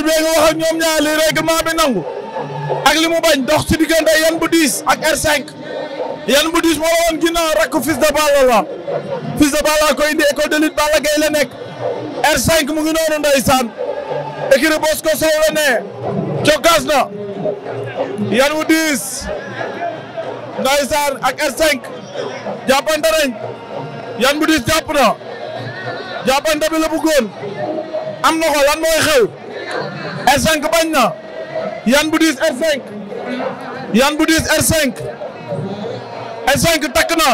arbitre bi nga wax ak ñoom ñaar li règlement bi nangu ak li mu bañ dox ci diggante yan bu diis ak R5 yan bu diis moo la woon ginnaaw rakk Fils de Balla la de Balla ko indi école de lutte Balla nekk R5 mu ngi noonu ndeysaan écurie Bosco Sow la ne yan bu diis ndeysaan ak R5 jàppante yan bu diis jàpp na bi la bëggoon am na ko lan R5 bañ na yan bu diis R5 yan bu diis R5 r takk na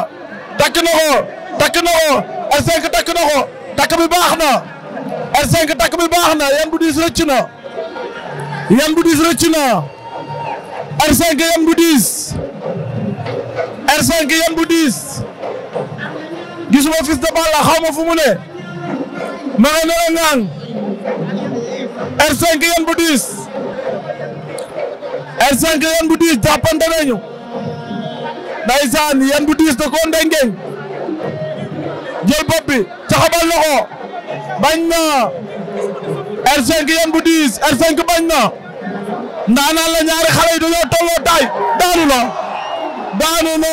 takk na ko takk na ko R5 takk na ko takk bi baax na R5 takk bi baax na yan bu diis rëcc na yan bu diis rëcc na R5 yan bu diis R5 yan bu diis gisuma Fils de Balla fu mu ne ma nga nara ngang R5 bu diis R5 bu diis jàppante nañu ndaysaan yan bu diis da koo ndengeñ jël bopp bi caxabal bañ na R5 bu diis r bañ na ndaanaan la ñaari xale yi dañoo tolloo taay na daanu na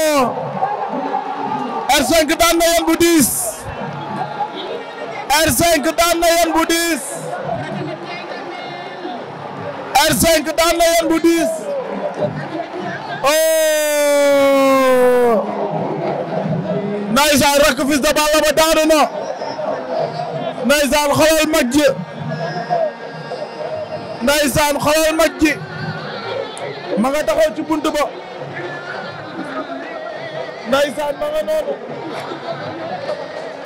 r daan na yan bu diis r daan na yan bu diis R5 daan na yoon bu diis oh ndeysaan rakk Fils de Balla ba na ndeysaan xoolal mag ji ndeysaan xoolal mag ji ma nga taxaw ci bunt ba ndeysaan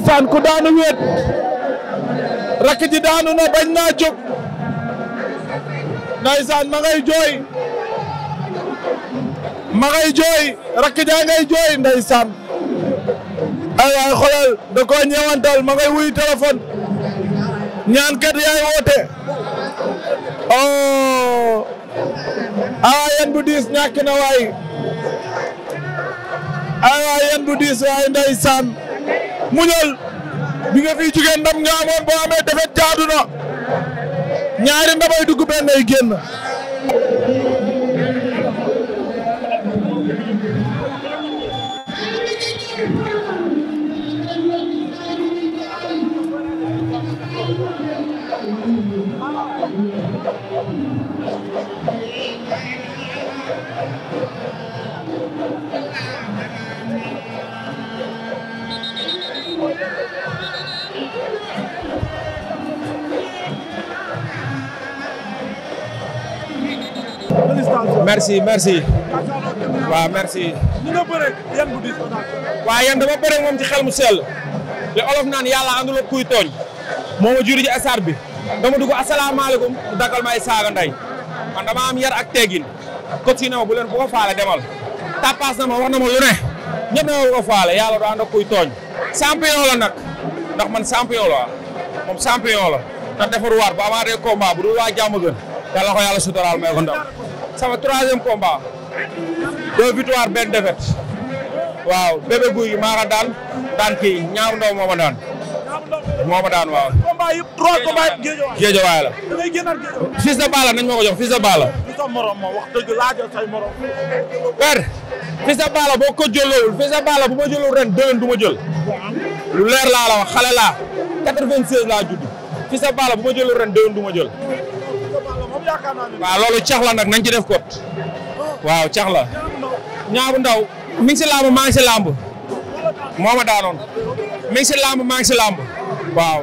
ma ku daanu wéet rakk ji daanu na bañ naa ndaysaan ma ngay jooy ma ngay jooy rakk jaa ngay jooy ndaysaan ay waay xoolal da koo ñeewantal ma ngay wuy téléphone ñaan kat yaay woote oh ah yan bu diis ñàkk waay ay waay yan bu diis waay ndaysaan muñal bi nga fi jugee ndam nga amoon boo defet jaadu ñaari ndabay dugg benn ay génn merci merci. waaw merci. waa nga bëre yan bu diis waaw yan dama bëre moom ci xel mu sell. li olof naan yàlla àndul ak kuy tooñ. moo ma juri ci bi. dama dugg asalaamaaleykum. dakkal ma ay saaga ndey. man dama am yar ak teggin. kot si ne ma bu leen bu faale demal. tapas na ma wax na ma lu ne. ñëpp na ma bu faale yàlla du ànd ak tooñ. champion la ndax man champion la moom champion la. te defaru waat bu amaatee combat bu dul waa jàmm gën. yàlla ko yàlla suturaal may sama troisième combat deux victoires benn défaite waaw bébé guy gi ko daan daan kii ñaaru ndaw moo ma daan moo ma daan waaw. combat yëpp trois combat yëpp géejawaay géejawaay la. da ngay génnaat nañ ma ko jox fils de Balla. fils de morom ma wax dëgg laajal say morom. boo ko jëloowul fils de Balla bu ma jëlul ren déwén du ma jël. lu leer laa la wax xale laa 96 laa judd fils de Balla bu ma jëlul ren déwén du ma jël. waaw loolu cax la nag nañ ci def kot waaw cax la bu ndaw mi ngi si làmb maa ngi si làmb moo ma daanoon maa ngi si làmb waaw